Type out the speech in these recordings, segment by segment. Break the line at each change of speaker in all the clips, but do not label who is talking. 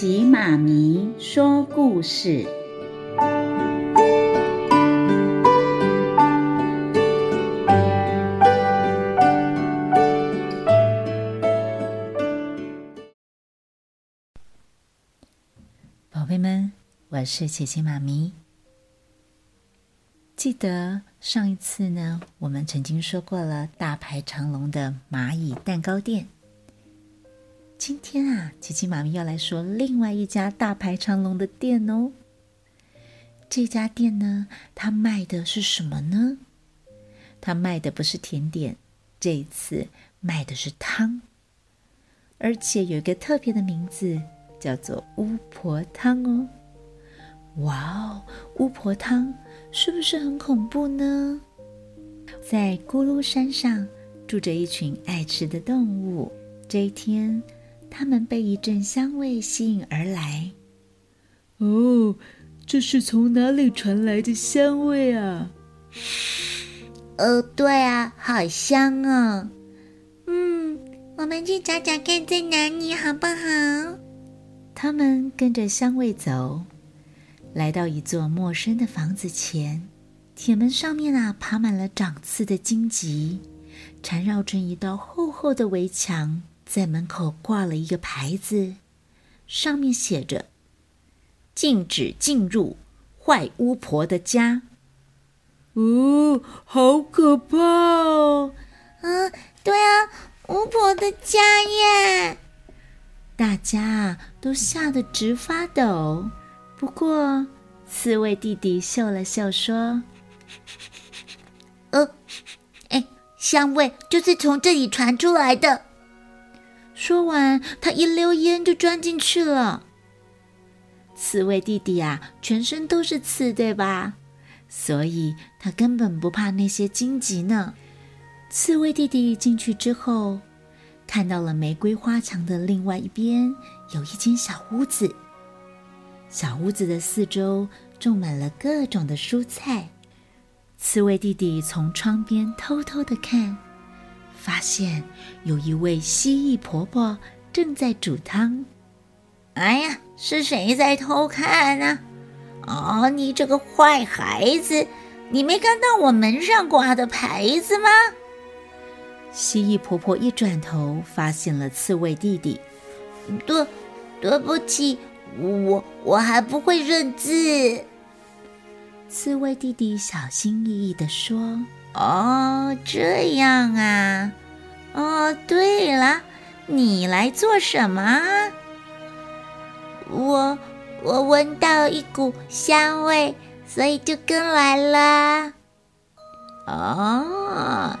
琪媽咪說故事，寶貝們，我是琪琪媽咪。記得上一次呢，我們曾經說過了大排長龍的螞蟻蛋糕店。今天啊，琪琪媽咪要來說另外一家大排長龍的店哦。這家店呢，它賣的是什麼呢？它賣的不是甜點，這一次賣的是湯，而且有一個特別的名字，叫做巫婆湯哦。哇哦，巫婆湯是不是很恐怖呢？在咕嚕山上住着一群愛吃的動物，這一天。他們被一陣香味吸引而來。哦，這是從哪裡傳來的香味啊？哦，對啊，好香哦。嗯，我們去找找看在哪裡，好不好？他們跟着香味走，來到一座陌生的房子前，鐵門上面啊爬滿了長刺的荊棘，纏繞成一道厚厚的圍牆。在門口掛了一個牌子，上面寫着“禁止進入壞巫婆的家”。哦，好可怕哦！啊，呃，對啊，巫婆的家耶！大家都嚇得直發抖。不過，刺蝟弟弟笑了笑說：“呃，哎，香味就是從這裡傳出來的。”說完，他一溜煙就鑽進去了。刺蝟弟弟啊，全身都是刺，對吧？所以，他根本不怕那些荊棘呢。刺蝟弟弟進去之後，看到了玫瑰花牆的另外一邊，有一間小屋子。小屋子的四周種滿了各種的蔬菜。刺蝟弟弟從窗邊偷偷的看。發現有一位蜥蜴婆婆正在煮湯。哎呀，是誰在偷看呢、啊？哦，你這個壞孩子，你沒看到我門上掛的牌子嗎？蜥蜴婆婆一轉頭，發現了刺蝟弟弟。對，對不起，我我還不會認字。刺蝟弟弟小心翼翼地說。哦，oh, 這樣啊！哦，oh, 對了，你來做什麼？我我聞到一股香味，所以就跟來了。哦，oh,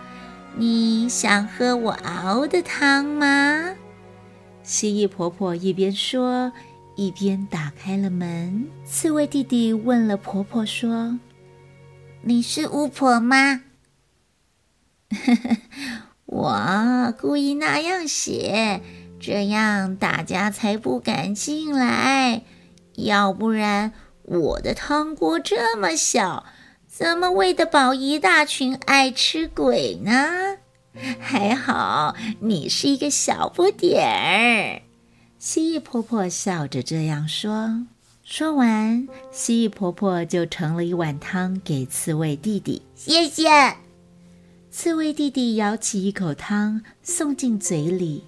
你想喝我熬的湯嗎？蜥蜴婆婆一邊說，一邊打開了門。刺蝟弟弟問了婆婆說：“你是巫婆嗎？”我 故意那樣寫，這樣大家才不敢進來。要不然，我的湯鍋這麼小，怎麼餵得飽一大群愛吃鬼呢？還好你是一個小不點兒。蜥蜴婆婆笑着這樣說。說完，蜥蜴婆婆就盛了一碗湯給刺蝟弟弟。謝謝。刺蝟弟弟舀起一口湯，送進嘴裡。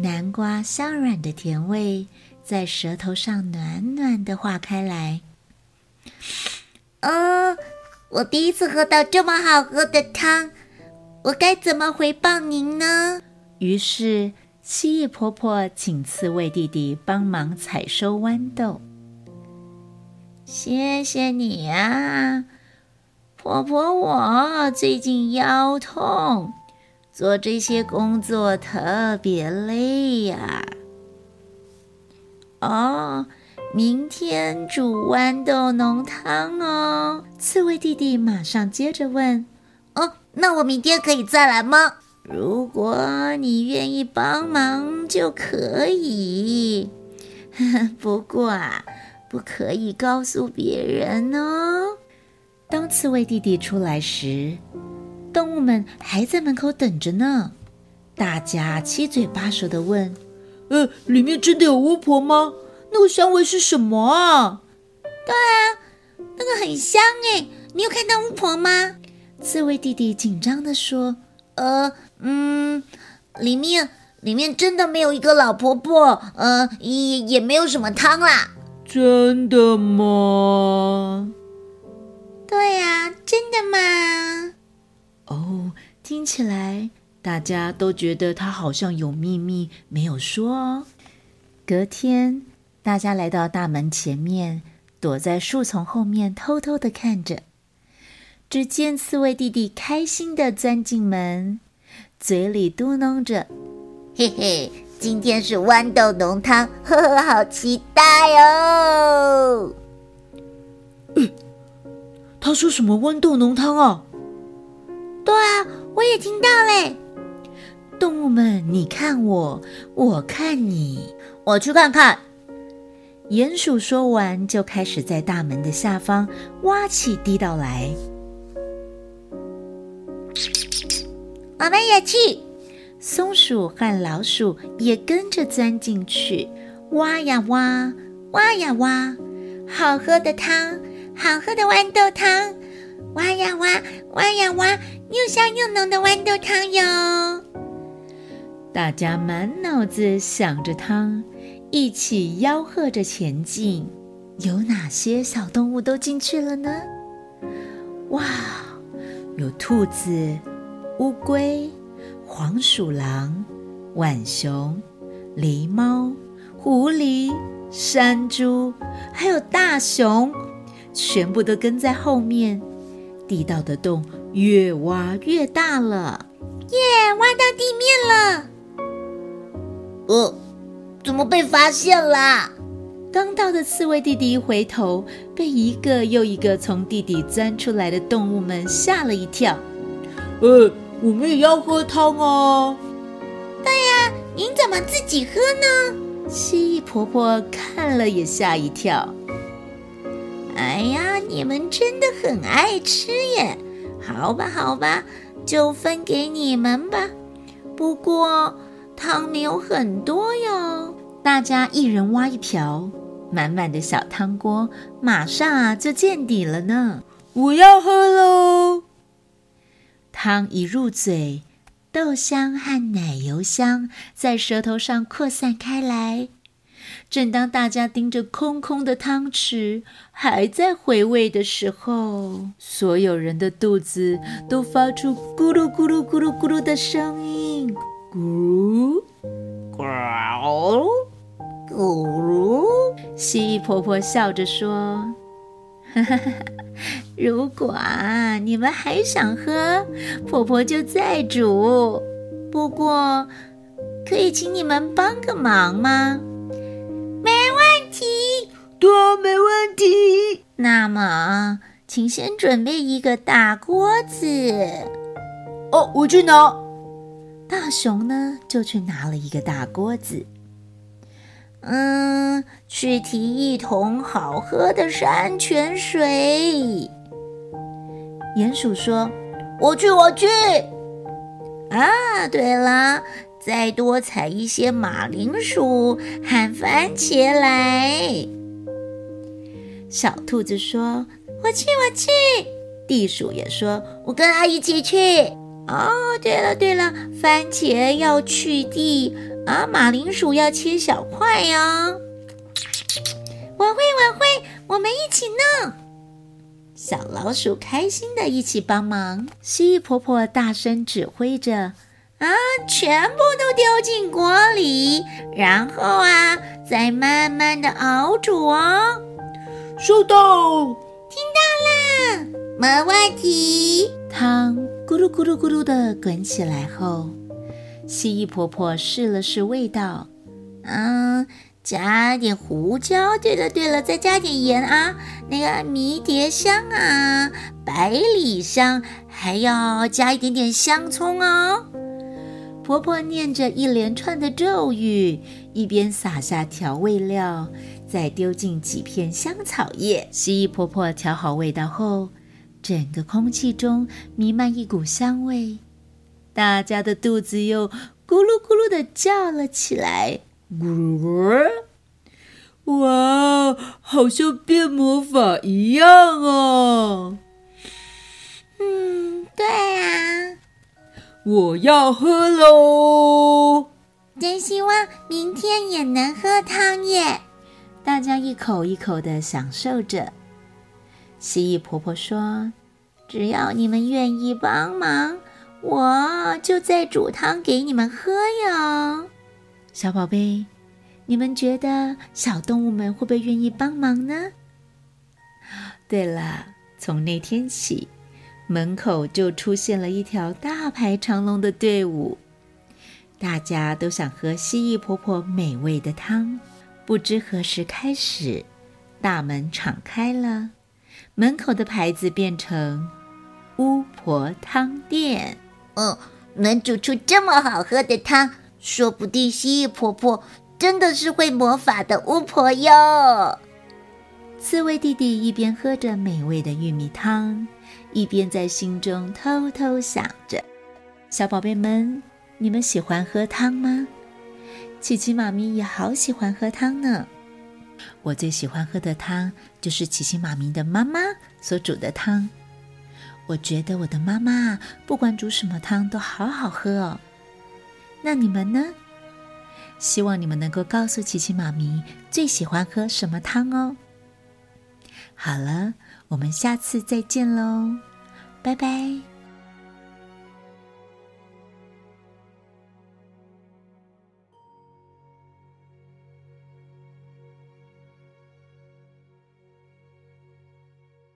南瓜香軟的甜味在舌頭上暖暖地化開來。哦，我第一次喝到這麼好喝的湯，我該怎麼回報您呢？於是，蜥蜴婆婆請刺蝟弟弟幫忙採收豌豆。謝謝你啊！婆婆，我最近腰痛，做這些工作特別累呀、啊。哦，明天煮豌豆濃湯哦。刺蝟弟弟馬上接着問：“哦，那我明天可以再來嗎？如果你願意幫忙就可以，呵呵，不過啊，不可以告訴別人哦。”當刺蝟弟弟出來時，動物們還在門口等着呢。大家七嘴八舌地問：“呃，裡面真的有巫婆嗎？那個香味是什麼啊？”“對啊，那個很香哎。”“你有看到巫婆嗎？”刺蝟弟弟緊張地說：“呃，嗯，裡面，裡面真的沒有一個老婆婆，呃，也也沒有什麼湯啦。”“真的嗎？”對呀、啊，真的嗎？哦，聽起來大家都覺得他好像有秘密沒有說哦。隔天，大家來到大門前面，躲在樹叢後面偷偷地看着。只見四位弟弟開心地鑽進門，嘴裡嘟囔着：“嘿嘿，今天是豌豆濃湯，呵呵，好期待喲、哦。嗯”他說什麼豌豆濃湯啊？對啊，我也聽到嘞。動物們，你看我，我看你，我去看看。鼴鼠說完，就開始在大門的下方挖起地道來。我們也去。松鼠和老鼠也跟着鑽進去，挖呀挖，挖呀挖，好喝的湯，好喝的豌豆湯，挖呀挖，挖呀挖，又香又濃的豌豆湯喲！大家滿腦子想着湯，一起吆喝着前進，嗯，有哪些小動物都進去了呢？哇，有兔子、烏龜、黃鼠狼、浣熊、狸貓、狐狸、山豬，還有大熊。全部都跟在後面，地道的洞越挖越大了。耶，yeah, 挖到地面了！呃，怎麼被發現啦？剛到的刺蝟弟弟一回頭，被一個又一個從地底鑽出來的動物們嚇了一跳。呃，我們也要喝湯哦、啊。對呀、啊，您怎麼自己喝呢？蜥蜴婆婆看了也嚇一跳。哎呀，你們真的很愛吃耶！好吧，好吧，就分給你們吧。不過湯沒有很多喲，大家一人挖一瓢，滿滿的小湯鍋，馬上啊就見底了呢。我要喝嘍！湯一入嘴，豆香和奶油香在舌頭上擴散開來。正當大家盯着空空的湯匙，還在回味的時候，所有人的肚子都發出咕嚕咕嚕咕嚕咕嚕，咕嚕的聲音。咕嚕咕嚕，咕嚕咕嚕。蜥蜴婆婆笑着說：“呵呵呵，如果啊，你們還想喝，婆婆就再煮。不過，可以請你們幫個忙嗎？”多，沒問題。那麼，請先準備一個大鍋子。哦，我去拿。大熊呢？就去拿了一個大鍋子。嗯，去提一桶好喝的山泉水。鼴鼠說：“我去，我去。”啊，對了，再多採一些馬鈴薯和番茄來。小兔子說：“我去，我去。”地鼠也說：“我跟阿姨一起去。”哦，對了，對了，番茄要去蒂，啊，馬鈴薯要切小塊哦。我會，我會，我們一起弄。小老鼠開心的一起幫忙。蜥蜴婆婆大聲指揮着：“啊，全部都丟進鍋裡，然後啊，再慢慢的熬煮哦。”收到，聽到啦，沒問題。湯咕嚕咕嚕咕嚕地滾起來後，蜥蜴婆婆試了試味道，嗯，加點胡椒。對了對了，再加點鹽啊，那個迷迭香啊，百里香，還要加一點點香蔥哦、啊。婆婆念着一連串的咒語，一邊撒下調味料。再丟進幾片香草葉，蜥蜴婆婆調好味道後，整個空氣中彌漫一股香味，大家的肚子又咕嚕咕嚕的叫了起來。咕嚕嚕！哇，好像變魔法一樣啊！嗯，對啊，我要喝嘍！真希望明天也能喝湯耶。大家一口一口地享受着。蜥蜴婆婆說：“只要你們願意幫忙，我就再煮湯給你們喝喲。”小寶貝，你們覺得小動物們會不會願意幫忙呢？對了，從那天起，門口就出現了一條大排長龍的隊伍，大家都想喝蜥蜴婆婆美味的湯。不知何時開始，大門敞開了，門口的牌子變成“巫婆湯店”。嗯，能煮出這麼好喝的湯，說不定蜥蜴婆婆真的是會魔法的巫婆喲。刺蝟弟弟一邊喝着美味的玉米湯，一邊在心中偷偷想着：“小寶貝們，你們喜歡喝湯嗎？”琪琪媽咪也好喜歡喝湯呢。我最喜歡喝的湯就是琪琪媽咪的媽媽所煮的湯。我覺得我的媽媽不管煮什麼湯都好好喝哦。那你們呢？希望你們能夠告訴琪琪媽咪最喜歡喝什麼湯哦。好了，我們下次再見嘍，拜拜。